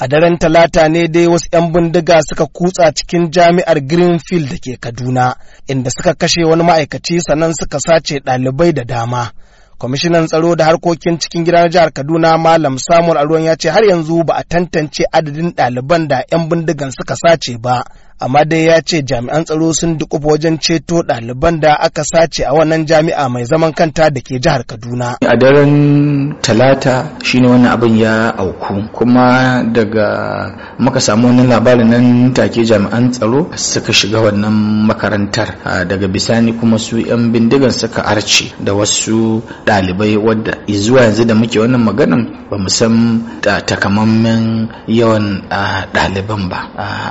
A daren talata ne dai wasu 'yan bindiga suka kutsa cikin jami'ar Greenfield da ke Kaduna, inda suka kashe wani ma'aikaci sannan suka sace ɗalibai da dama. Kwamishinan tsaro da harkokin cikin gidan jihar Kaduna Malam Samuel Aruwan ya ce har yanzu ba a tantance adadin ɗaliban da 'yan bindigan suka sace ba, amma dai ya ce jami'an tsaro sun dukufa wajen ceto ɗaliban da aka sace a wannan jami'a mai zaman kanta da ke jihar kaduna a daren talata shine wannan abin ya auku kuma daga muka samu wannan labarin nan take jami'an tsaro suka shiga wannan makarantar daga bisani kuma su 'yan bindigan suka arce da wasu ɗalibai wadda zuwa yanzu da muke wannan maganan ba mu san takamammen yawan ɗaliban ba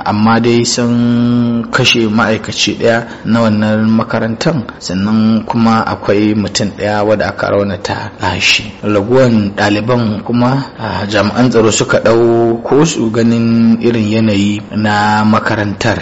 amma dai sun sun kashe ma'aikaci ɗaya na wannan makarantar sannan kuma akwai mutum ɗaya wadda aka raunata shi raguwan ɗaliban kuma a jami'an tsaro suka ɗau ko su ganin irin yanayi na makarantar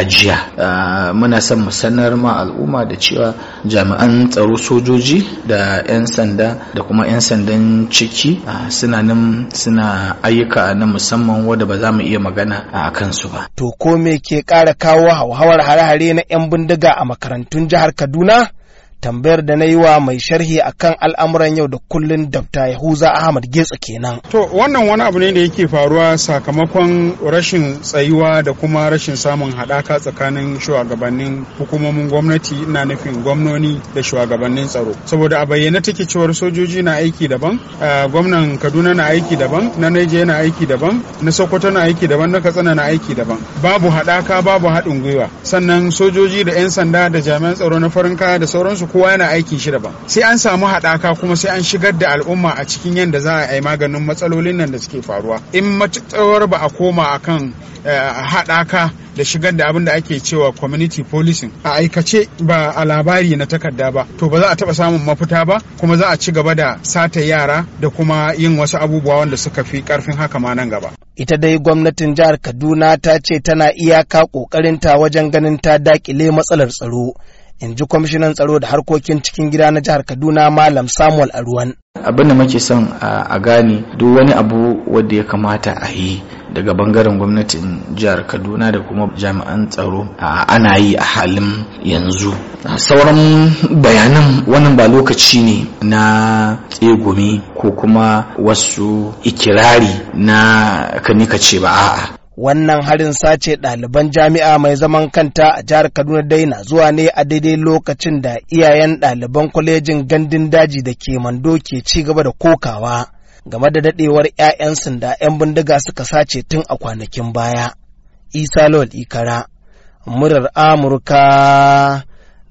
ajiya muna son mu sanar ma al'umma da cewa jami'an tsaro sojoji da 'yan sanda da kuma 'yan sandan ciki suna nan suna ayyuka na musamman wadda ba za mu iya magana a kansu ba to ko ke ƙara kawo hauhawar hare-hare na 'yan bindiga a makarantun jihar Kaduna tambayar da na yi wa mai sharhi akan al'amuran yau da kullun dabta yahuza ahmad getsa kenan to wannan wani abu ne da yake faruwa sakamakon rashin tsayuwa da kuma rashin samun haɗaka tsakanin shugabannin hukumomin gwamnati na nufin gwamnoni da shugabannin tsaro saboda a bayyana take cewar sojoji na aiki daban gwamnan kaduna na aiki daban na naija na aiki daban na sokoto na aiki daban na katsina na aiki daban babu haɗaka babu haɗin gwiwa sannan sojoji da 'yan sanda da jami'an tsaro na farin kaya da sauransu kowa yana aikin shi daban sai an samu haɗaka kuma sai an shigar da al'umma a cikin yadda za a yi maganin matsalolin nan da suke faruwa in matsawar ba a koma akan eh, haɗaka da shigar da abin da ake cewa community policing a aikace ba a labari na takarda ba to ba za a taba samun mafita ba kuma za a ci gaba da sata yara da kuma yin wasu abubuwa wanda suka fi karfin haka ma nan gaba ita dai gwamnatin jihar kaduna ta ce tana iyaka kokarinta wajen ganin ta dakile matsalar tsaro in ji kwamishinan tsaro da harkokin cikin gida na jihar kaduna malam samuel aruwan abin da muke son a gane duk wani abu wanda ya kamata a yi daga bangaren gwamnatin jihar kaduna da kuma jami'an tsaro ana yi a halin yanzu sauran bayanan wannan ba lokaci ne na tsegumi ko kuma wasu ikirari na kanika ce ba a'a wannan harin sace ɗaliban jami'a mai zaman kanta a jihar kaduna dai na zuwa ne a daidai lokacin da iyayen ɗaliban kwalejin gandun daji da ke mando ke ci gaba da kokawa game da daɗewar 'ya'yan da 'yan bindiga suka sace tun a kwanakin baya isa lawal ikara murar amurka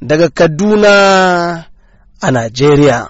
daga kaduna a najeriya